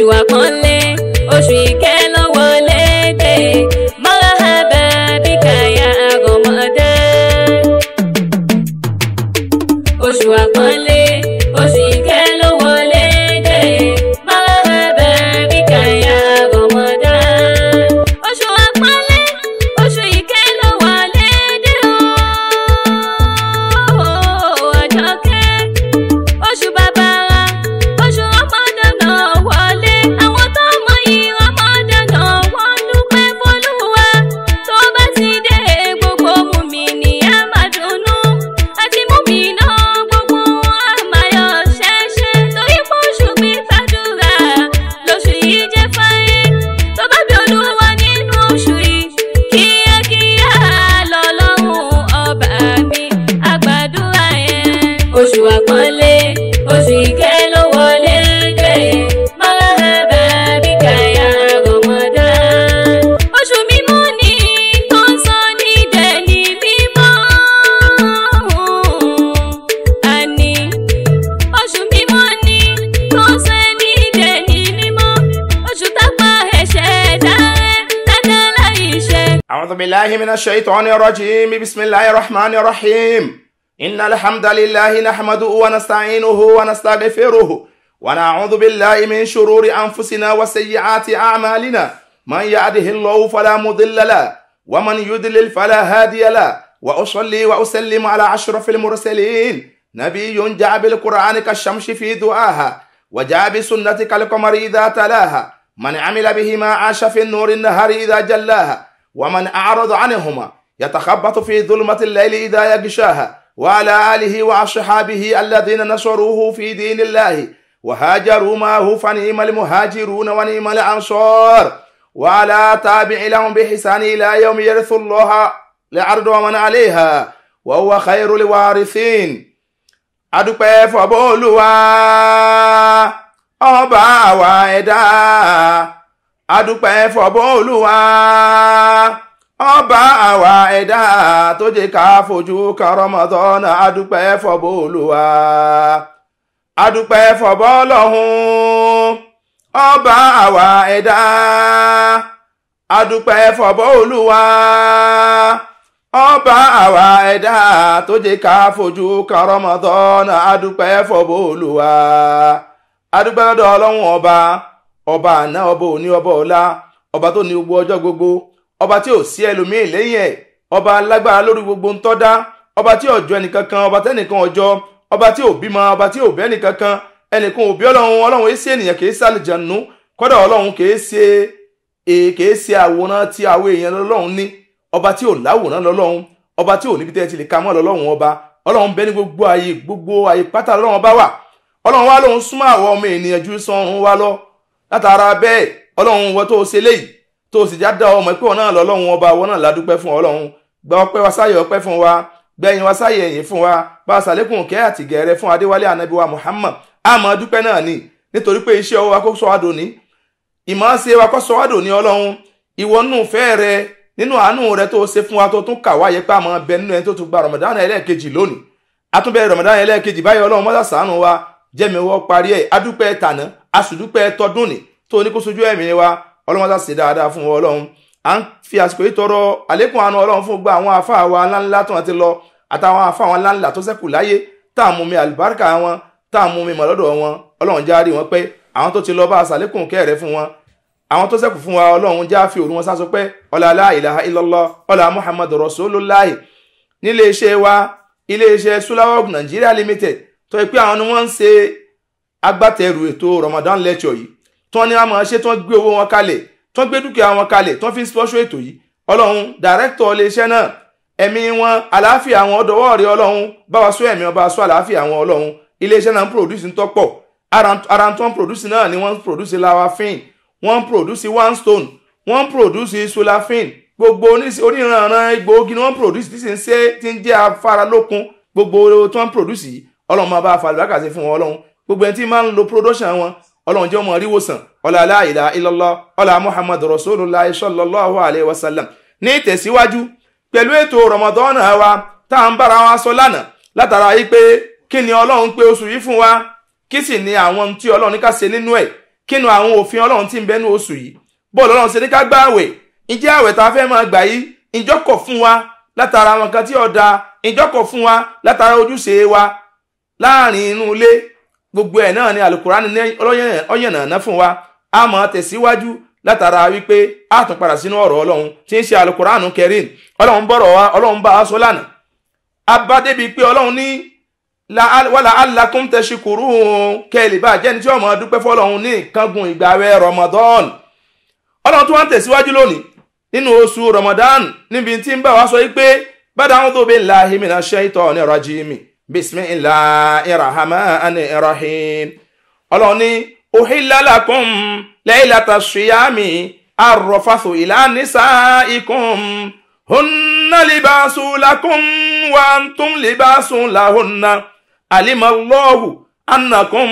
you up on me. بالله من الشيطان الرجيم بسم الله الرحمن الرحيم إن الحمد لله نحمده ونستعينه ونستغفره ونعوذ بالله من شرور أنفسنا وسيئات أعمالنا من يهده الله فلا مضل له ومن يضلل فلا هادي له وأصلي وأسلم على أشرف المرسلين نبي جاء بالقرآن كالشمس في دعاها وجاء بسنتك القمر إذا تلاها من عمل بهما عاش في النور النهار إذا جلاها ومن أعرض عنهما يتخبط في ظلمة الليل إذا يغشاها وعلى آله وأصحابه الذين نصروه في دين الله وهاجروا معه فنعم المهاجرون ونعم الأنصار وعلى تابع لهم بحسان إلى يوم يرث الله لعرض ومن عليها وهو خير الوارثين أدوك فبولوا أبا ọba adúpẹ́ fọ̀bọ́ olúwa ọba àwa ẹ̀dá tó jẹ́ ká fojú kárọ́mọ́tọ́nà adúpẹ́ fọ̀bọ́ olúwa adúpẹ́ fọ̀bọ́ lọ́hùn ọba àwa ẹ̀dá adúpẹ́ fọ̀bọ́ olúwa ọba àwa ẹ̀dá tó jẹ́ ká fojú kárọ́mọ́tọ́nà adúpẹ́ fọ̀bọ́ olúwa adúpẹ́ lọ́dọ̀ ọlọ́run ọba ọba àná ọba òní ọba ọ̀la ọba tó ní gbogbo ọjọ́ gbogbo ọba tí ò sí ẹlòmíì lẹ́yìn ẹ̀ ọba alágbára lórí gbogbo ń tọ́ dá ọba tí ọjọ́ ẹnìkankan ọba tẹ́nìkan ọjọ́ ọba tí ò bímọ ọba tí ò bẹ́ ẹnìkankan ẹnìkan ò bí ọlọ́run ọlọ́run èsì ènìyàn kì í sàlìjànú kọ́dà ọlọ́run kì í ṣe e, kì í ṣe àwòrán tí àwọn èèyàn ọlọ́run wa lòun súnmọ́ àwọn ọmọ ènìyàn ju sọ́run wa lọ látara bẹ́ẹ̀ ọlọ́run wọn tó ṣe léyìí tó sì já dá ọmọ pé wọn náà lọ ọlọ́run ọba wọn náà ládúpẹ́ fún ọlọ́run gba ọpẹ́ wa sáyẹ̀ ọpẹ́ fún wa gbẹ̀yìn wa sáyẹ̀ ẹ̀yìn fún wa bá a sàlékún kẹ́ àtìgẹ̀rẹ́ fún adéwálé ànábì Muhammad àmọ́ dúpẹ́ náà ni nítorí pé iṣẹ́ ọwọ́ wa kó sọ wá dòní ìmọ̀ ṣe wa kó sọ wá dòní ọlọ́run ìwọ nù fẹ́ rẹ nínú àánú rẹ tó ṣe fún wa tó tún kà wáyé pé àmọ́ bẹ nínú ẹni tó tún gba Ramadan ẹlẹ́ẹ̀kejì lónìí àtúnbẹ̀rẹ̀ Ramadan ẹlẹ́ẹ̀kejì báyọ̀ ọlọ́run mọ́sàsánù wa jẹ́mi wọ́ parí ẹ̀ adúpẹ́ tàná asùdúpẹ́ tọdún ni tó ní kó sojú ẹ̀mí wa ọlọ́mọdá ṣe dáadáa fún wọn ọlọ́run à ń fi àsìkò yìí tọrọ àlékún àánú ọlọ́run fún gbogbo àwọn àfáà wa ńláńlá tó wọn ti lọ àtàwọn àfáà wọn ńláńlá tó ṣẹ́kù láyé tá à ń mumi àlùbáríkà wọn tá à ń mumi mọ̀lọ́dọ̀ wọn ọlọ́run já rí wọn pé àwọn tó ti lọ bá a ṣàlékún kẹ́rẹ́ fún wọn àwọn tó ṣẹ́kù fún wa ọlọ́run já fi òru wọn sásọ pé ọlá la ilaha illallah muhammadu rasulullahi nílé iṣẹ́ wa ilé iṣẹ́ sulawok nigeria limited tó agbátẹrù ètò Ramadan lecture yìí tán ni wọn máa ṣe tán gbé owó wọn kalẹ̀ tán gbé dúkìá wọn kalẹ̀ tán fi ń spọ́ṣọ́ ètò yìí ọlọ́run dàrẹ́kítọ̀ iléeṣẹ́ náà ẹ̀mí wọn àlàáfíà wọn dọwọ́ rẹ ọlọ́run bá wa sọ ẹ̀mí ọba sọ àlàáfíà wọn ọlọ́run iléeṣẹ́ náà ń produce ń tọ́pọ̀ ara tó ń produce náà ni wọ́n ń produce lawafin wọ́n ń produce one stone wọ́n ń produce sulafin gbogbo oníranran egbòogi ni wọ́n ń produce tí sì ń ṣe ti ń jẹ́ afáralókun gbogbo tó ń produce yìí ọlọ́run máa bá a fa àlùbákàṣe fún wọn ọlọ́run gbogbo ẹni tí máa ń lo production wọn ọlọ́run jẹ́ ọmọ ríwòsàn ọlá la ilaha illallah ọlá muhammadu rasulullah sallallahu alayhi wa sallam ní ìtẹ̀síwájú pẹ̀lú ètò ramadan wa tá à ń bára wa sọ lánàá látara yìí pé kí ni ọlọ́run pé oṣù yìí fún wa kí sì ni àwọn tí ọlọ́run ní ká ṣe nínú ẹ̀ kí ni àwọn òfin ọlọ́run tí ń bẹ́nu oṣù yìí bọ́ọ̀lù ọlọ́run ṣe ní ká gbá àwẹ̀ ǹjẹ́ àwẹ̀ tá a fẹ́ máa gbà yìí ìjọkọ̀ fún wa látara àwọn kan tí ó ìjọkọ̀ fún wa látara ojúṣe wa láàrin inú ilé gbogbo ẹ̀ náà ni alukurani ní ọ̀yẹ̀nàná fún wa a máa tẹ̀síwájú látara wípé a tún padà sínú ọ̀rọ̀ ọlọ́run tí ń ṣe alukurani kẹrin ọlọ́run bọ̀rọ̀ wa ọlọ́run bá a sọ lánàá abádébi pé ọlọ́run ní wàlà alákùn tẹ̀síkùrú kẹ́lì bá jẹ́ni tí ọmọ dúpẹ́ fọlọ́run ní ìkángun ìgbàwẹ̀ Ramadan ọlọ́run tó wá ń tẹ̀síwájú lónìí nínú oṣù Ramadan níbi tí ń bá wa sọ wípé bàdà àwọn tó bẹ́ẹ̀ láhìmínà ṣẹ́ ìtọ́ ní ọ̀rọ̀ ajé mi bisimilahi rahmani rahim ọlọ́run ní òhìlálàkùn lẹ́yìnlátà ṣùyàmì àròfàṣù ìlànìṣà ikùn hunna libaasu lakum wa antum libaasu lahunna alimallahu annakum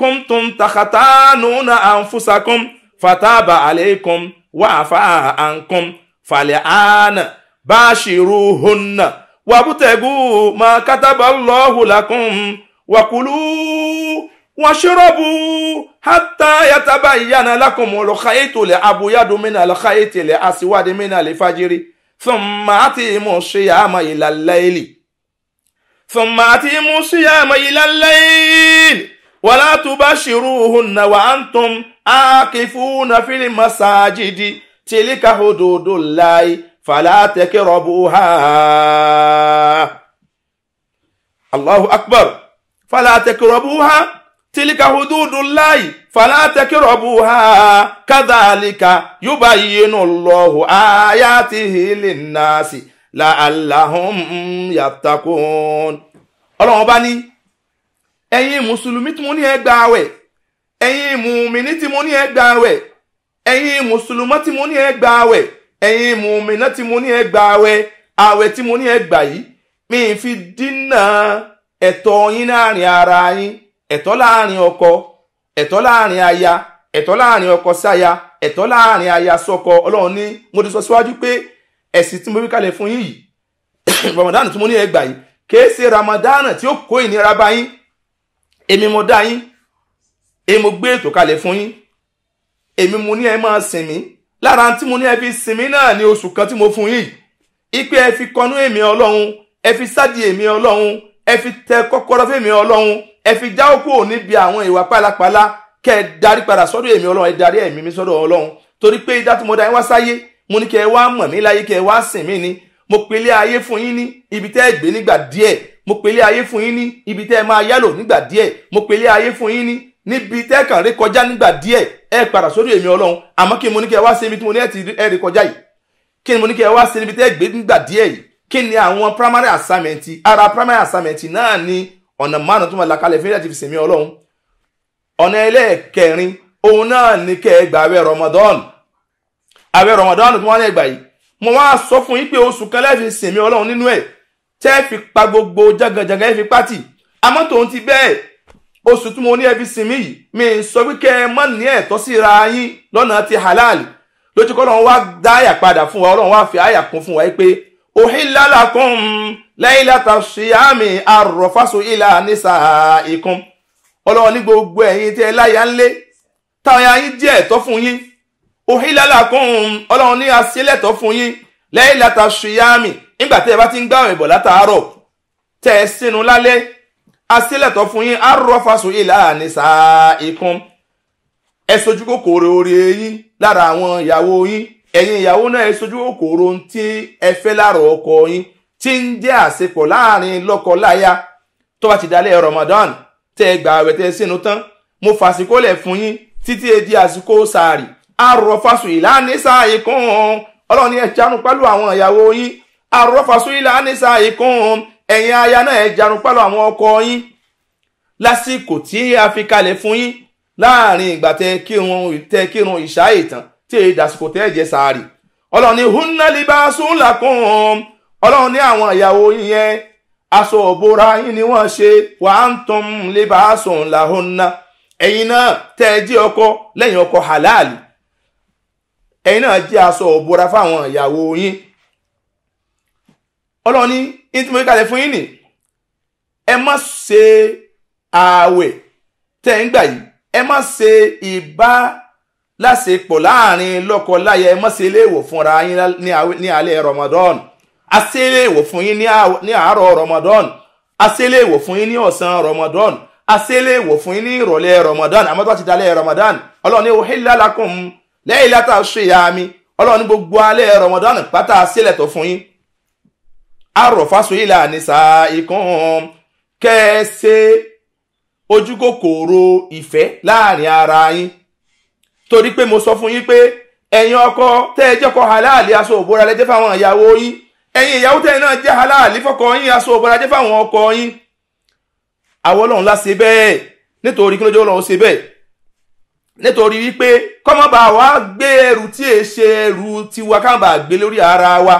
kuntum takhatanuna anfusakum fataba alaykum wa'afa ankum fal'ana bashiruhunna wàbútẹ̀gù mà kátàbà lọ́hùn làkùn wàkùlù wàṣírọ́bù hátà yàtàbà ìyànà làkùn mọ̀lọ́ xayétò lẹ̀ abuyadu mẹ́nà lẹ̀ xayétò lẹ̀ àṣìwádìí mẹ́nà lẹ̀ fàjírí thumma atimu ṣìyàmà ìlà láìlì thumma atimu ṣìyàmà ìlà láìlì wàlá tubashiruhunna wa antum akifuna fil masajidi tilika hududullahi fàlà tẹkẹrọ bó ha allahu akbar fàlà tẹkẹrọ bó ha tilika hududullahi fala takrabuha kadhalika yubayyinu Allahu ayatihi linnasi la'allahum yattaqun. ọlọ́run bá ní ẹ̀yin mùsùlùmí tí mo ní ẹ gba àwẹ̀ ẹ̀yin mùmíní tí mo ní ẹ gba àwẹ̀ ẹ̀yin mùsùlùmọ́ tí mo ní ẹ gba àwẹ̀ ẹ̀yin mùmínà tí mo ní ẹ gba àwẹ̀ àwẹ̀ tí mo ní ẹ gbà yìí mi ì fi dínà ẹ̀tọ́ yín láàrin ara yín ẹ̀tọ́ láàrin ọkọ ẹ̀tọ́ láàrin aya ẹ̀tọ́ láàrin ọkọ sáya ẹ̀tọ́ láàrin aya sọ́kọ ọlọ́run ní mo ti sọ síwájú pé ẹ̀sìn tí mo fi kalẹ̀ fún yín yìí ramadan tí mo ní ẹ gbà yìí kìí ṣe ramadan tí ó kó ìnira bá yín èmi mo dá yín èmi mo gbé ètò kalẹ̀ fún yín èmi mo ní ẹ máa sìn mí lára tí mo ní ẹ fi sinmi náà ní oṣù kan tí mo fún yìí ipe ẹ fi kọnú èmi ọlọ́run ẹ fi sádi èmi ọlọ́run ẹ fi tẹ kọ́kọ́rọ́ fún èmi ọlọ́run ẹ fi jáwọ́ kúrò níbi àwọn ìwà pálapàla kẹ ẹ darí padà sọ́dọ̀ èmi ọlọ́run ẹ darí ẹ̀mí mi sọ́dọ̀ ọlọ́run torí pé idá tí mo dá yín wá sáyé mo ní kẹ ẹ wá mọ̀ mí láyé kẹ ẹ wá sìn mí ni mo pèlé ayé fún yín ní ibi tẹ́ ẹ gbé nígbà díẹ̀ mo pèlé ayé fún yín ní ibi tẹ́ ẹ máa yálò nígbà díẹ̀ mo pèlé ayé fún yín ní níbi tẹ́ẹ̀kan rí kọjá nígbà díẹ̀ ẹ padà sórí èmi ọlọ́run àmọ́ kí ni mo ní kí ẹ wá sí ibi tí mo ní ẹ ti rí kọjá yìí kí ni mo ní kí ẹ wá sí ibi tẹ́ẹ̀ gbé nígbà díẹ̀ yìí kí ni àwọn primary assignment ara primary assignment náà ni ọ̀nà márùn tó máa làkàlẹ̀ fún ìdájí fi sèmi ọlọ́run ọ̀nà ẹlẹ́ẹ̀kẹrin òun náà ní kẹ́ ẹ gba àwẹ̀ Ramadan àwẹ̀ Ramadan tó wọ́n lẹ́ gbà yìí mo wá sọ fún yín pé oṣù kan lẹ́ẹ̀fi sèmi ọlọ́run nínú ẹ̀ tẹ́ oṣù tí mo ní ẹbí sinmi yìí mi ń sọ wí kẹ́ ẹ mọ́ ní ẹ̀tọ́ sí ra yín lọ́nà ti halal lójú kọ́ lọ́run wá dá àyà padà fún wa ọlọ́run wá fi àyà kún fún wa yìí pé uhilla lakum laylata siyami arrafasu ila nisaikum ọlọ́run ní gbogbo ẹ̀yin tí ẹ láyà ń lé táwọn ya yín jẹ́ ẹ̀tọ́ fún yín uhilla lakum ọlọ́run ní aṣẹ́lẹ̀tọ́ fún yín laylata siyami nígbà tí ẹ bá ti ń gbàwẹ̀ bọ̀ látàárọ̀ tẹ̀ sínú lálẹ́ asílẹ̀tọ̀ fún yín arọ́fàṣọ ìlà nìṣà ikún ẹ sojú kòkòrò orí yín lára àwọn ìyàwó yín ẹ̀yin ìyàwó náà ẹ sojú kòkòrò tí ẹ fẹ́ láàrọ̀ ọkọ yín tí ń jẹ́ àṣepọ̀ láàrin lọ́kọ-láya tó bá ti dalẹ̀ Ramadan tẹ́ ẹ gbà àwẹ̀ sínú tán mo fàṣíkò lẹ̀ fún yín títí e di àsìkò sàárì arọ́fàṣọ ìlà nìṣà ikún ọlọ́run ẹ̀ jánu pẹ̀lú àwọn ìyàwó yín arọ́fàṣọ ìlà nìṣà ikún ẹ̀yin aya náà ẹ jarun pálọ̀ àwọn ọkọ yín lásìkò tí a fi kalẹ̀ fún yín láàrin ìgbà tẹ kírun tẹ kírun ìṣá ìtàn tí èyí dàsìkò tẹ jẹ sàárì ọlọ́run ní hunna libasun lakum ọlọ́run ní àwọn ìyàwó yín aṣọ òbora yín ni wọ́n ṣe wa antum libasun lahunna ẹ̀yin náà tẹ jí ọkọ lẹ́yìn ọkọ halali ẹ̀yin náà jí aṣọ òbora fáwọn ìyàwó yín ọlọ́run ní ní tí mo ní kalẹ̀ fún yín nì ẹ má ṣe ààwẹ̀ tẹ́ ń gbà yìí ẹ má ṣe ìbá láṣepọ̀ láàrin lọ́kọ-láya ẹ má ṣe léèwọ̀ fúnra yín ní alẹ́ Ramadan a ṣe léèwọ̀ fún yín ní àárọ̀ Ramadan a ṣe léèwọ̀ fún yín ní ọ̀sán Ramadan a ṣe léèwọ̀ fún yín ní ìrọ̀lẹ́ Ramadan àmọ́ tó ti dalẹ̀ Ramadan ọlọ́run ní uhilla lakum laylata shiyami ọlọ́run ní gbogbo alẹ́ Ramadan pátá sílẹ̀ tó fún yín àròfàsóyìlà ànísà ikán kẹ́ ẹ ṣe ojúkòkòrò ìfẹ́ láàrin ara yín torí pé mo sọ fún yín pé ẹ̀yin ọkọ tẹ́ ẹ jẹ́kọ̀ọ́ aláàlẹ́ aṣọ òbora lẹ́jẹ́ fáwọn ìyàwó yín ẹ̀yin ìyàwó tẹ́ ẹ náà jẹ́ aláàlẹ́ fọkọ yín aṣọ òbora lẹ́jẹ́ fáwọn ọkọ yín àwọn ọlọ́run la ṣe bẹ́ẹ̀ nítorí kí ló jẹ́ ọlọ́run ṣe bẹ́ẹ̀ nítorí wípé kọ́mọ́bà wa gbé ẹrù tí è ṣe ẹrù tiwa káàbà gbé lórí ara wa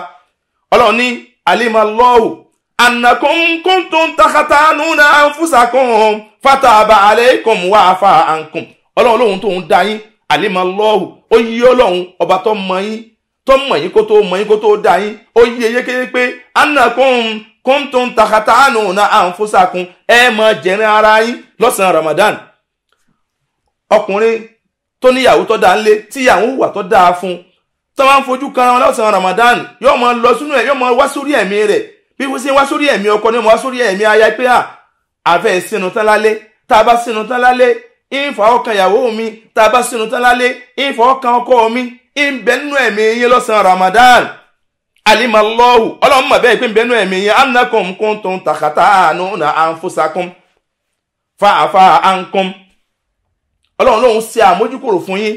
ọlọ́run ní alimallahu annakum kuntum takhatanuna anfusakum fataba alaykum wa afa ankum ọlọ́run lóhun tóun dá yín alimallahu ó yí ọlọ́run ọba tó mọ yín tó mọ yín kó tó mọ yín kó tó dá yín ó yí eyékéyé pé annakum kuntum takhatanuna anfusakum ẹ mọ jẹrin ara yín lọ́sàn-án ramadan ọkùnrin tó níyàwó tó dáa ńlé tíyàwó wà tó dáa fún un tọ́wọ́ ń fojú kan wọn lọ́sàn-án Ramadan yóò máa lọ sínú ẹ̀ yóò máa wá sórí ẹ̀mí rẹ̀ bí wọ́n ṣe wá sórí ẹ̀mí ọkọ ni wọ́n wá sórí ẹ̀mí aya pé à àfẹ́ sínú tán lálé tá a bá sínú tán lálé ìfọ̀ ọkàn ìyàwó mi tá a bá sínú tán lálé ìfọ̀ ọkàn ọkọ mi ìbẹ̀ nínú ẹ̀mí yín lọ́sàn-án Ramadan alimalọ́wù ọlọ́mọ bẹ́ẹ̀ pé ìbẹ̀ nínú ẹ̀mí yín annakum kuntum takhata'anuna anfusakum fa'afa ankum ọlọ́run lòun ṣe àmójúkòrò fún yín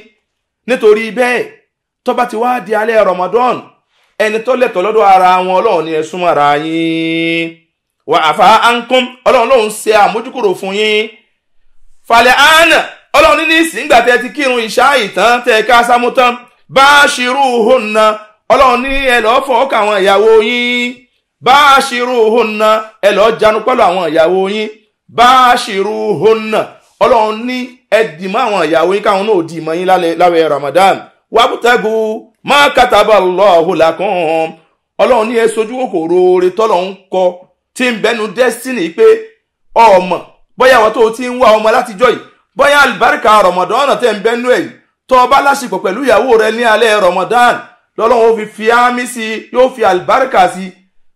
nítorí bẹ́ẹ̀ tó bá ti wá di alẹ́ Ramadan ẹni tó lẹ́tọ̀ lọ́dọ̀ ara wọn ọlọ́run ni ẹ súnmọ́ ara yín wà àfà ánkún ọlọ́run lòún ṣe àmójúkúrò fún yín falẹ̀ àánà ọlọ́run ní ìsìngbà tẹ́ ti kírun ìṣá ìtàn tẹ́ ká sámú tán bashiruhunna ọlọ́run ní ẹ lọ́ọ́ fọ́ ọkà àwọn ìyàwó yín bashiruhunna ẹ lọ́ọ́ jánu pẹ̀lú àwọn ìyàwó yín bashiruhunna ọlọ́run ní ẹ dìmọ́ àwọn ìyàwó yín káwọn náà dìmọ́ yín láwẹ̀ Ramadan wàbútẹ́gù má kàtàbà lọ́ọ̀hùn làkàn ọlọ́run ní ẹ sojú kòkòrò oore tọ́lọ̀ kọ tí ń bẹnu destiny pé ọmọ bóyá àwọn tó o ti ń wá ọmọ látijọ́ yìí bóyá àlùbáríkà rọmọdán tẹ̀ ń bẹnu ẹ̀ yìí tó o bá láṣepọ̀ pẹ̀lú ìyàwó rẹ ní alẹ́ rọmọdán lọ́lọ́run ó fi fi ámì sí i yóò fi àlùbáríkà sí i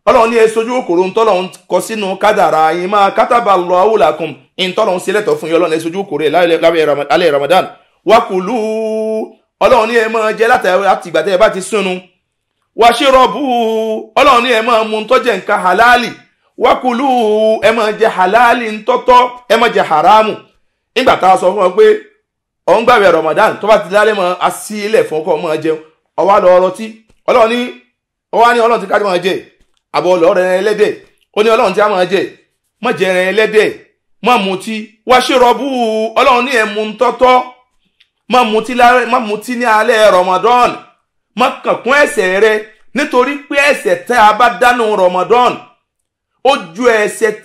ọlọ́run ní ẹ kòkòrò ń kọ sínú kádàrá yìí má kàtàbà lọ́ọ̀hùn làkàn ń ọlọ́run ní ẹ máa jẹ láti ìgbà tẹ́ ẹ bá ti sínú wá ṣe ọlọ́run ní ẹ máa mu halali wá ẹ máa jẹ halali ńtọ́tọ́ ẹ máa jẹ haramu nígbà tá sọ fún ọ pé Ramadan tó bá ti lálẹ́ mọ́ a fún ọkọ̀ jẹun ọwọ́ lọ tí ọlọ́run ní ọwọ́ ní ọlọ́run ti jẹ àbọ̀ má mutí ní alẹ́ Ramadan má kànkún ẹ̀ṣẹ̀ rẹ nítorí pé ẹ̀ṣẹ̀ tẹ́ a bá dánú Ramadan ó ju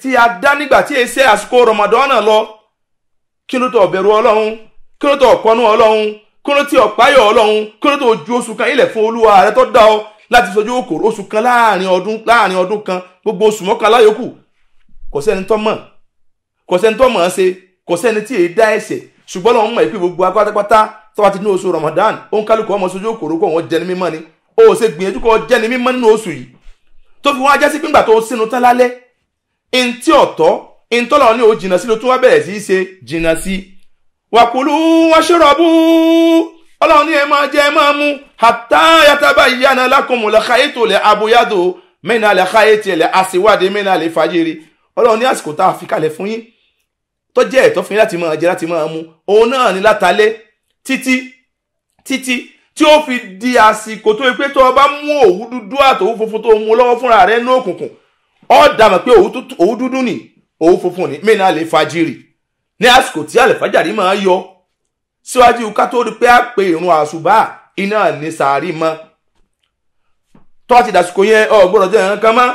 tí a dá nígbà tí èsè àsìkò Ramadan lọ kí ló tó bẹ̀rù Ọlọ́run kí ló tó kọnú Ọlọ́run kí kan ilẹ̀ fún Olúwa rẹ tó dá ọ láti sojú òkòrò oṣù kan láàrin ọdún kan gbogbo oṣù mọ́kànlá yòókù kò sẹ́ni sẹ́ni ṣe sẹ́ni tí ṣùgbọ́n lọ́wọ́n mọ̀ pé gbogbo agbátápátá tó bá ti ní oṣù Ramadan òun kálukú ọmọ sojú òkòrò kó wọn jẹ ní mímọ́ ni ó ṣe gbìyànjú kó jẹ ní mímọ́ nínú oṣù yìí tó fi wọn ajá sí pé ńgbà tó sínú tán lálẹ́ ntí ọ̀tọ́ ntọ́lọ́ ni ó jìnnà sí ló tún wá bẹ̀rẹ̀ sí í ṣe jìnnà sí i wàkùlù wàṣọrọ̀bù ọlọ́run ní ẹ máa jẹ ẹ máa mú hatta yatabayyana lakumul khaytul abyadu minal khayti al aswadi minal fajri ọlọ́run ní àsìkò tá a fi kalẹ̀ fún yín tó jẹ́ ẹ̀tọ́ fún yín láti máa jẹ láti máa mu òun náà ní látàlẹ́ títí títí tí ó fi di àsìkò tó yẹ pé tó o bá mú òwú dúdú àtòwú funfun tó o mú lọ́wọ́ fúnra rẹ ní òkùnkùn ó dàmọ̀ pé òwú dúdú ni òwú funfun ni mí náà lè fajiri ní àsìkò tí àlẹ́fàjàrí máa yọ síwájú ká tó rí pé a pe ìrun àṣùbà iná ní sàárì mọ́ tó a ti dàsìkò yẹn ọ̀ gbọ́dọ̀ jẹ́ nǹkan kan mọ́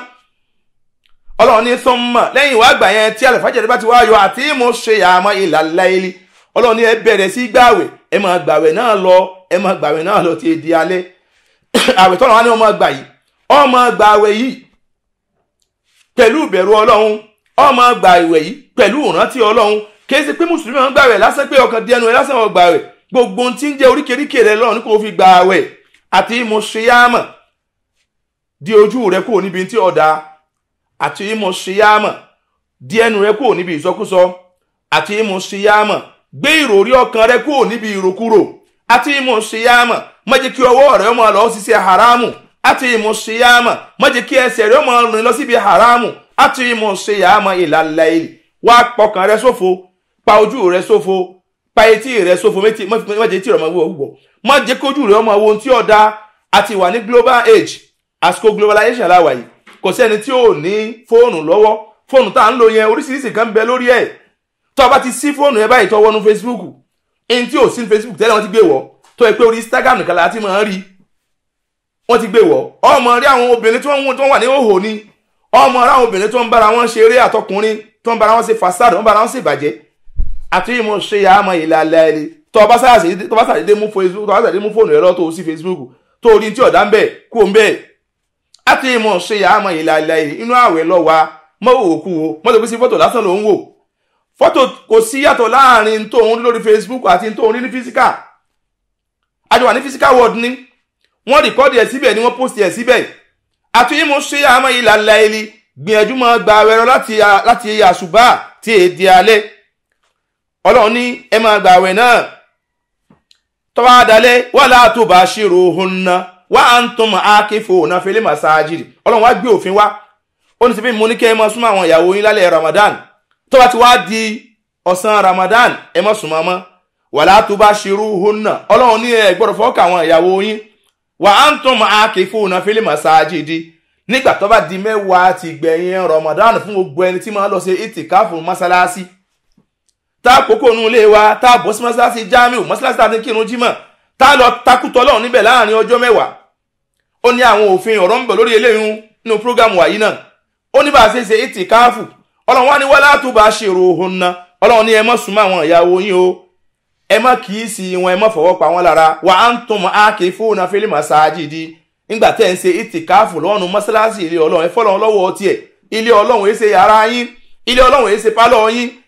ọlọ́run ní tó ń mọ̀ lẹ́yìn ìwà àgbà yẹn tí àlùfáàjẹ̀dẹ́ bá ti wá yọ àti mo ṣe àmọ́ ìlà láìlí ọlọ́run ní ẹ bẹ̀rẹ̀ sí gbàwẹ̀ ẹ máa gbàwẹ̀ náà lọ ẹ máa gbàwẹ̀ náà lọ ti di alẹ́ àwẹ̀ tọ́lọ̀ wá ní ọmọ gbà yìí ọmọ gbàwẹ̀ yìí pẹ̀lú ìbẹ̀rù ọlọ́run ọmọ gbàwẹ̀ yìí pẹ̀lú ìrántí ọlọ́run kì í ṣe pé mùsùlùmí máa ń gbàwẹ̀ lásán pé ọkàn di ẹnu ẹ lásán wọn gbàwẹ̀ gbogbo ohun tí di ojú rẹ kúrò níbi àti ìmọ̀ ṣíyámọ̀ di ẹnu rẹ kúrò níbi ìsọkúsọ àti ìmọ̀ ṣíyámọ̀ gbé ìròrí ọkàn rẹ kúrò níbi ìròkúrò àti ìmọ̀ ṣíyámọ̀ má kí ọwọ́ rẹ máa lọ sí ṣe haramu àti ìmọ̀ ṣíyámọ̀ má jẹ́ kí ẹsẹ̀ rẹ máa rìn lọ síbi haramu àti ìmọ̀ ṣíyámọ̀ ìlàlẹ̀ ìlì wá pọkàn rẹ ṣòfò pa ojú rẹ ṣòfò pa etí rẹ ṣòfò má jẹ́ tí rẹ máa wo ohun tí ó dáa àti wà ní global age àsìkò globalization láwàyè kò sí ẹni tí ò ní fóònù lọ́wọ́ fóònù tá à ń lò yẹn oríṣiríṣi kan bẹ lórí ẹ̀ tó o bá ti sí fóònù yẹn báyìí tó wọnú Facebook ẹni tí ò sí Facebook tẹ́lẹ̀ wọ́n ti gbé wọ̀ tó yẹ pé orí Instagram nìkan la ti máa ń rí wọ́n ti gbé wọ̀ ọmọ rí àwọn obìnrin tí wọ́n wà ní òhò ni ọmọ rí àwọn obìnrin tí wọ́n bára wọn ṣe eré àtọkùnrin tí wọ́n bára wọn ṣe fasad wọ́n bára wọn ṣe ìbàjẹ́ àti ìmọ̀ ṣe àmọ̀ ìlàlẹ̀ ẹ̀ tó o bá sàdédé mú fóònù rẹ lọ tó o sí Facebook tó o rí tí ọ̀dà ń bẹ̀ kú o ń bẹ̀ àti ìmọ̀ ṣe àmọ́ ìlàlẹ̀ inú ààwẹ̀ lọ wa mọ́ òkú o mọ́ tó fi sí fọ́tò lásán ló ń wò fọ́tò kò sí yàtọ̀ láàrin tó ń lórí Facebook àti tó ń rí ní físíkà àjọwà ní físíkà world ni wọ́n rìkọ́dì ẹ̀ síbẹ̀ ni wọ́n post ẹ̀ síbẹ̀ àti ìmọ̀ ṣe àmọ́ ìlàlẹ̀ ilé gbìyànjú mọ́ gba àwẹ̀ rọ láti àṣùbà tí èdè alẹ́ ọlọ́run ní ẹ máa gba àwẹ̀ náà tọ́wọ́ adalẹ́ wala tubashiruhunna wá à ń tún mọ̀ ákéfò ònà fẹlẹ́ masajid ọlọ́run wá gbé òfin wá ó ní sẹ́fẹ́ mo ní kẹ́ ẹ máa súnmọ́ àwọn ìyàwó yín lálẹ́ ramadan tó bá ti wá di ọ̀sán ramadan ẹ má súnmọ́ mọ́ wàlá tó bá ṣerú hona ọlọ́run ní ẹ gbọ́dọ̀ fọ́ọ̀kà àwọn ìyàwó yín wà á ń tún mọ̀ ákéfò ònà fẹlẹ́ masajid nígbà tó bá di mẹ́wàá ti gbẹ̀yìn ramadan fún gbogbo ẹni tí máa lọ sí ìtìkáfù mọ́sálásí tá àkókò nù ilé wa tá àbọ̀sí mọ́sálásí jámíù mọ́sálásí tá a ti kírun jímọ̀ Ta lọ takùtọ̀ lọ́run níbẹ̀ láàrin ọjọ́ mẹ́wàá ó ní àwọn òfin ọ̀rọ̀ ń bọ̀ lórí eléyìí nínú prógámù wàyí náà ó ní bá a ṣe ṣe ètì káàfù ọlọ́run wá ní wala tubashiruhunna ọlọ́run ní ẹ má súnmọ́ àwọn ìyàwó yín o ẹ má kì í sí wọn ẹ má fọwọ́ pa wọn lára wa antum akifuna fil masajidi nígbà tẹ́ ń ṣe ètì káàfù lọ́nu mọ́sálásì ilé ọlọ́run ẹ fọ́lọ́run lọ́wọ́ tiẹ̀ ilé ọlọ́run èsè yàrá yín ilé ọlọ́run èsè pálọ̀ yín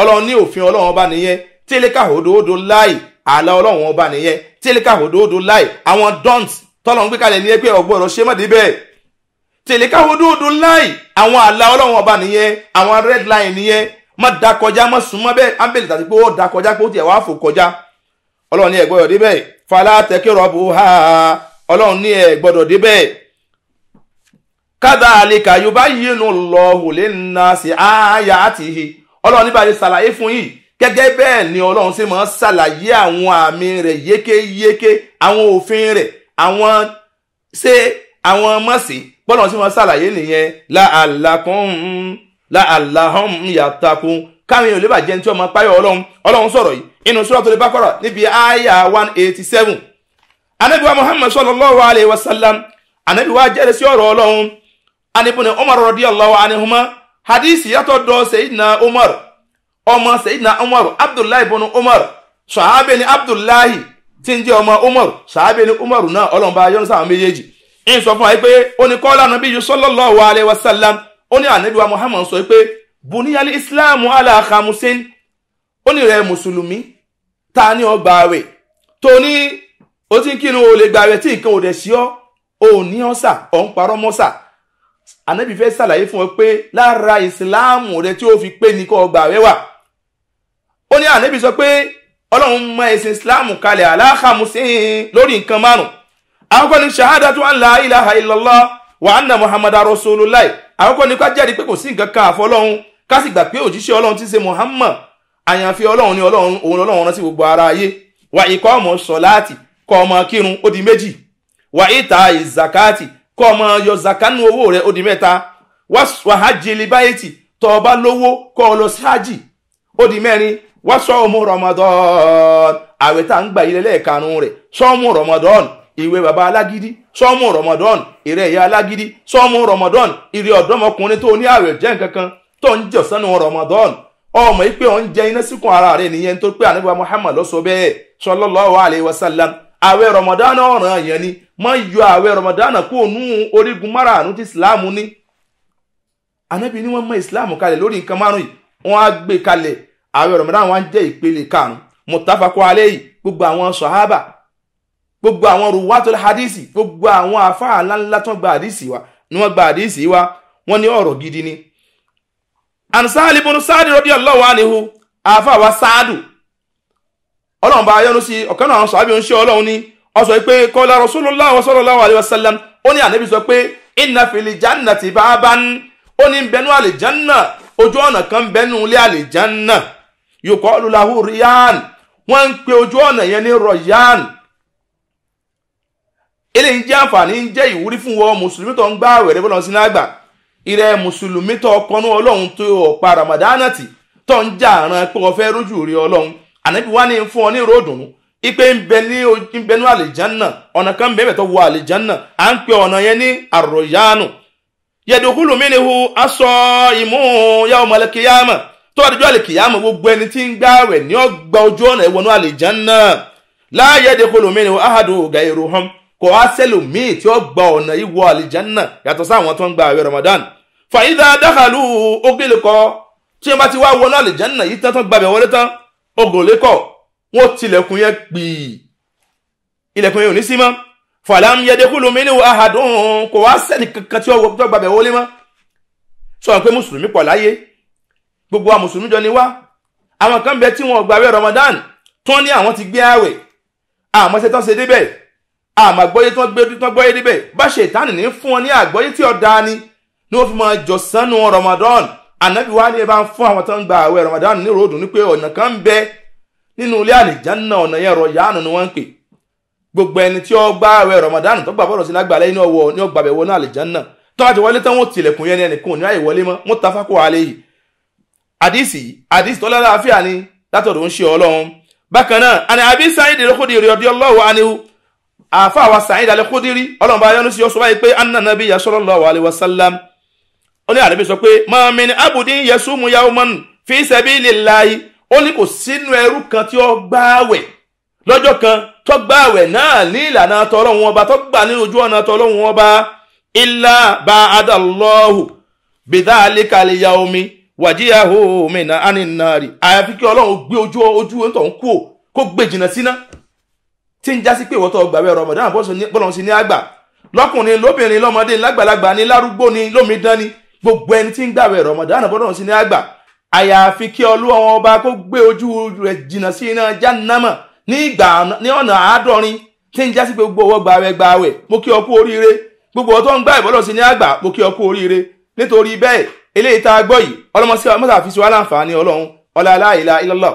ọlọ́run ní òfin ọlọ́run ọba nìyẹn tílíkà òdòdó láì àlà ọlọ́run ọba nìyẹn tílíkà òdòdó láì àwọn dọ́ǹt tọ́lọ́run gbé kalẹ̀ ní ẹgbẹ́ ọgbọ́n ọ̀rọ̀ ṣe mọ̀dé bẹ́ẹ̀ tílíkà òdòdó láì àwọn àlà ọlọ́run ọba nìyẹn àwọn red line nìyẹn má da kọjá má súnmọ́ bẹ́ẹ̀ ámbẹ́lì tàbí pé ó da kọjá pé ó tiẹ̀ wá fò kọjá ọlọ́run ní ẹ̀ débẹ̀ fàlà tẹ̀kẹ́rọ̀ bù ha ọlọ́run ní ẹ̀ gbọ́dọ̀ débẹ̀ kadhalika yubayyinu Allahu ọlọ́run níbà ni ṣàlàyé fún yìí gẹ́gẹ́ bẹ́ẹ̀ ni ọlọ́run ṣe máa ń ṣàlàyé àwọn àmì rẹ̀ yékéyéké àwọn òfin rẹ̀ àwọn ṣe àwọn mọ̀sí bọ́lọ́run ṣe máa ń ṣàlàyé nìyẹn láàlàkùn láàlàhùn yàtàkùn káwọn èèyàn lè bàjẹ́ ní tí ọmọ páyọ̀ ọlọ́run ọlọ́run sọ̀rọ̀ yìí inú Suratul Baqara níbi àyà one eighty seven anabiwa Muhammad sallallahu alayhi wa sallam anabiwa jẹ́rìí sí ọ̀rọ̀ ọlọ́run anibuni Umar radiyallahu anihuma hadith yàtọ̀dọ̀ sayidina umar ọmọ sayidina umar abdullahi bọ́nu umar sọ̀hábẹ́ ni abdullahi tí ń jẹ́ ọmọ umar sọ̀hábẹ́ ni umar náà ọlọ́mọba yọ́nù sáwọn méjèèjì ń sọ fún wa pé ó ní kọ́lá nàbí yìí sallallahu alaihi wasallam ó ní ànábìwá muhammad sọ pé buniyali islam ala khamusin ó ní rẹ̀ mùsùlùmí ta ni ó gbààwẹ̀ tó ní o ti ń kírun o lè gbààwẹ̀ tí nǹkan ò dẹ̀ sí ọ ò ní ọ̀sà ọ̀ ń parọ́ mọ́sà ànábì fẹ́ ṣàlàyé fún ọ pé lára ìsìláàmù rẹ tí ó fi pé ní kó ọgbà rẹ wà ó ní ànábì sọ pé ọlọ́run mọ ẹ̀sìn ìsìláàmù kalẹ̀ aláhàmùsìn lórí nǹkan márùn àkọ́kọ́ ni shahadatu an la ilaha illallah wa anna muhammadu rasulullah àkọ́kọ́ ni ká jẹ́rìí pé kò sí nǹkan kan àfọlọ́run ká sì gbà pé òjíṣẹ́ ọlọ́run ti ṣe muhammad àyànfi ọlọ́run ni ọlọ́run òun ọlọ́run rán sí gbogbo ara ayé wa ìkọ́ ọmọ sọ̀láàtì kọ́ ọmọ kírun ó di méjì wa ìta ìzàkáàtì kọ́ ọmọ yọ zakanu owó rẹ̀ ó di mẹ́ta wàhájì libaeti tọ́ ọba lówó kọ́ ọ lọ sí hájì ó di mẹ́rin wá sọ́ọ̀mù ramadan àwẹ̀ tá à ń gbà yí lẹ́lẹ́ẹ̀kanú rẹ̀ sọ́ọ̀mù ramadan ìwé bàbá alágídí sọ́ọ̀mù ramadan ìrẹ́ ìyá alágídí sọ́ọ̀mù ramadan ìrẹ́ ọ̀dọ́mọkùnrin tó ní àwẹ̀ jẹ́ nkankan tó ń jẹ́ sẹ́nu ramadan ọmọ yìí pé ó ń jẹ iná síkùn ara rẹ̀ nìyẹn tó pé ànábì Muhammad ló sọ bẹ́ẹ̀ sallallahu alaihi wasallam àwẹ̀ Ramadan ọ̀ràn yẹn ni má yọ àwẹ̀ rọmọdánà kó nú orígun márààrún tí islam ní anabi ni wọ́n mọ islam kalẹ̀ lórí nǹkan márùn yìí wọ́n á gbé kalẹ̀ àwẹ̀ rọmọdánà wọn á jẹ́ ìpele karùn mutafakọ alẹ́ yìí gbogbo àwọn sọ̀hábà gbogbo àwọn ruwatul hadisi gbogbo àwọn afáà ńláńlá tó gba hadisi wa ni wọ́n gba hadisi wa wọ́n ní ọ̀rọ̀ gidi ni ansali bunu saadi rọdí ọlọ́wọ́ ànihu afa wa saadu ọlọ́run bá yọ́nú sí ọ̀kan náà sọ àbí oníṣẹ́ ọlọ́run ni ó sọ pé kọ́lá Rasulullah sallallahu alaihi wasallam ó ní ànábì sọ pé inna fil jannati baban ó ní bẹnu àlìjánná ojú ọ̀nà kan bẹnu ilé àlìjánná yuqalu lahu riyan wọ́n ń pe ojú ọ̀nà yẹn ní rọ̀yán ilé ń jẹ́ àǹfààní ń jẹ́ ìwúrí fún wọn mùsùlùmí tó ń gbá àwẹ̀rẹ́ bọ́lọ́ sí nágbà ìrẹ́ mùsùlùmí tó kọnú ọlọ́run tó ọ̀pá ramadanati tó ń jà àràn pé wọ́n rójú rí ọlọ́run ànábì wá ní fún ọ ní ìró ìdùnnú ipe nbẹnu àlìjánà ọ̀nà kan bẹ́ẹ̀ tó wọ àlìjánà à ń pè ọ̀nà yẹn ní àròyánu yẹ̀dùkúlù mi ni hu aṣọ ìmú yawm al-qiyamah tó bá dojú àlìkìyàmọ̀ gbogbo ẹni tí ń gbààwẹ̀ ní ọgbà ojú ọ̀nà ìwọ̀nú àlìjánà la yadkhulu minhu ahadun ghayruhum kò á sẹ́lòmíì tí ó gba ọ̀nà ìwọ̀ àlìjánà yàtọ̀ sáwọn tó ń gbààwẹ̀ Ramadan fa idha dakhalu ògìlìkọ tí wọ́n bá ti wá wọnú àlìjánà ogòlékọ̀ wọ́n tilẹ̀kùn yẹn gbìí ilẹ̀kùn yẹn ò ní sí mọ́ fàlàm yẹdẹkùlù mi ni ahadùn kò wá sẹ́ni kankan tí ó gbàgbẹ́ wọlé mọ́ sọ pé mùsùlùmí pọ̀ láyé gbogbo wa mùsùlùmí jọ ni wá àwọn kan bẹ tí wọn gbàwé Ramadan tó ní àwọn ti gbé àwẹ̀ àmọ́ ṣe tán ṣe débẹ̀ àmọ́ àgbọ́yé tán gbé tán gbọ́yé débẹ̀ bá ṣe ìtàn ní fún wọn ní àgbọ́yé tí ó dáa ni ni wọ́n fi máa jọ sánú Ramadan ànábì wa ni ẹ bá ń fún àwọn tó ń gba àwẹ̀ Ramadan ní ròdùn ní pé ọ̀nà kan ń bẹ nínú ilé àlìjánná ọ̀nà yẹn rọ̀ yáàánú ni wọ́n ń pè gbogbo ẹni tí ó gba àwẹ̀ Ramadan tó gbà bọ́ọ̀lù sí lágbàlẹ́ inú ọwọ́ ní ọgbà bẹ̀ wọnú àlìjánná tó bá ti wọlé tán wọ́n tilẹ̀kùn yẹn ní ẹnìkan ní àyè wọlé mọ́ muttafaqu alayhi àdìsí àdìsí tọ́lá láàfíà ni látọ̀dọ̀ ń ṣe ọlọ́run bákan náà àni àbí sáyidì lókòdì rẹ̀ ọdí ọlọ́wọ́ anihu àfa àwa sáyidì alẹ́kòdì rí ọlọ́run bá yọnu sí ọ sọ báyìí pé anna nabiyya sallallahu alayhi ó ní àdébí sọ pé mọ̀mí ni abudi yasumu yawman fi sabilillahi ó ní kò sínú ẹrú kan tí ó gbààwẹ̀ lọ́jọ́ kan tó gbààwẹ̀ náà ní ìlànà tọ́lọ́hun ọba tó gbà ní ojú ọ̀nà tọ́lọ́hun ọba illa ba'ada Allahu bidhalika al-yawmi wàjíyàwó mìíràn ánìnàárì àyàfi kí ọlọ́run gbé ojú ojú ń tọ̀ ń kú kó gbé jìnnà síná tí ń já sí pé ìwọ́tọ̀ gbàwé Ramadan bọ́lọ̀ sí ní àgbà lọ́kùnrin lóbìnrin lọ́mọdé lágbàlagbà ní lárúgbó ni lómidan ni gbogbo ẹni tí ń gbàwẹ̀ rọmọdánù bọ́dọ̀ sí ní àgbà àyàfi kí ọlọ́wọ́n ọba kó gbé ojú rẹ̀ jìnnà sí iná jánámà ní ìgbà ní ọ̀nà àádọ́rin tí ń jásí pé gbogbo ọwọ́ gbàwẹ̀ gbàwẹ̀ mo kí ọ kú oríire gbogbo ọtọ́ ń gbà ìbọ́dọ̀ sí ní àgbà mo kí ọ kú oríire nítorí bẹ́ẹ̀ eléyìí tá a gbọ́ yìí ọlọ́mọsí mọ́sàfíìsì wa láǹfààní ọlọ́run ọlá aláìlá ilọ́lọ́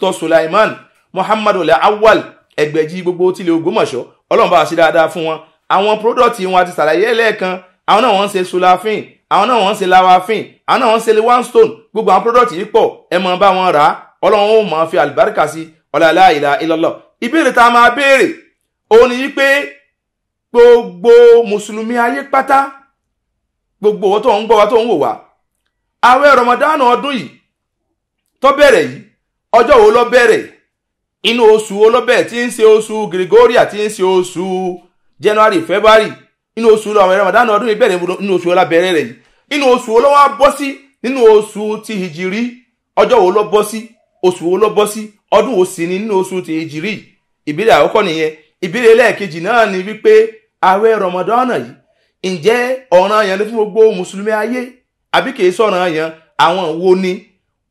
dr sulaiman muhammadu la awal ẹgbẹ̀jì gbogbo tilẹ̀ ògbómọ̀ṣọ́ ọlọ́run bá wa ṣe dáadáa fún wọn àwọn pródọ̀tì wọn àti sàlàyé ẹlẹ́ẹ̀kan àwọn náà wọ́n ń ṣe sulafin àwọn náà wọ́n ń ṣe lawafin àwọn náà wọ́n ń ṣe one stone gbogbo àwọn pródọ̀tì yìí pọ̀ ẹ mọ̀ bá wọn rà á ọlọ́run ó mọ̀ fi àlùbáríkà sí ọ̀làlá ìlà ìlọ́lọ́ ìbéèrè tá a máa béèrè òun ni pé gbogbo mùsùlùmí ayé pátá gbogbo owó tó ń gbọ́ wa tó ń wò wá àwẹ̀ rọmọdánù ọdún yìí tó bẹ̀rẹ̀ yìí ọjọ́ wo ló bẹ̀rẹ̀ inú oṣù olóbẹ̀ tí ń ṣe oṣù gregoria tí ń ṣe oṣù january february inú oṣù lọ ramadan ọdún yìí bẹ̀rẹ̀ inú oṣù ọlábẹ̀rẹ̀ rẹ̀ yìí inú oṣù olówó bọ́ sí nínú oṣù ti hìjìrí ọjọ́ wo ló bọ́ sí oṣù wo ló bọ́ sí ọdún wo sì ni nínú oṣù ti hìjìrí ìbéèrè àkọ́kọ́ nìyẹn ìbéèrè ẹlẹ́ẹ̀kejì náà ni wípé ààwẹ̀ ramadan yìí ǹjẹ́ ọ̀ranyàn ni fún gbogbo mùsùlùmí ayé àbí kìí sọ̀ranyàn àwọn wo ni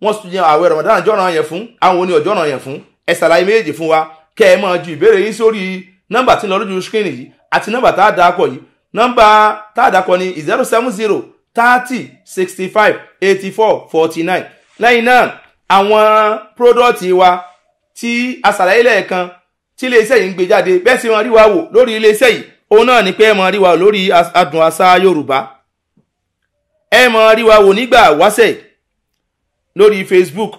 wọ́n sọ ààwẹ̀ ramadan jọ̀ranyàn fún àwọn wo ni ọ̀jọ̀ranyàn fún ẹ ṣàlàyé méjèèjì fún wa kẹ́ ẹ máa ju ìbéèrè yín sórí nọ́mbà tí ń lọ lójú skírínì yìí àti nọ́mbà tá a dà kọ yìí nọ́mbà tá a dà kọ ní zero seven zero thirty sixty five eighty four forty nine lẹ́yìn náà àwọn pródọ́tì wa tí a ṣàlàyé lẹ́ẹ̀kan tí iléeṣẹ́ yìí ń gbé jáde bẹ́ẹ̀ sì máa rí wa wò lórí iléeṣẹ́ yìí òun náà ni pé ẹ máa rí wa lórí adùn àṣà yorùbá ẹ máa rí wa wò nígbà wáṣẹ̀ lórí facebook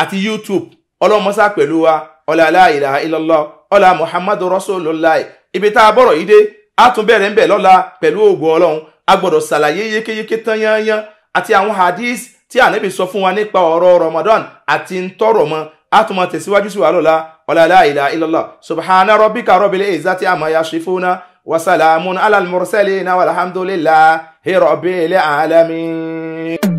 àti youtube ọlọ́mọsá pẹ̀lú wa ọlá la ilaha illallah ọlá muhammadu rasulullah ibi tá a bọ̀rọ̀ yìí dé a tún bẹ̀rẹ̀ ń bẹ̀ lọ́la pẹ̀lú ògùn ọlọ́run a gbọ́dọ̀ ṣàlàyé yékéyéké tán yányán àti àwọn hadith tí ànábì sọ fún wa nípa ọ̀rọ̀ ramadan àti ntọ́rọ̀ mọ́ a tún máa tẹ̀síwájú sí wa lọ́la ọlá la ilaha illallah subhana rabbika rabbil izzati amma yasifuna wa salamun alal mursalina walhamdulillahi rabbil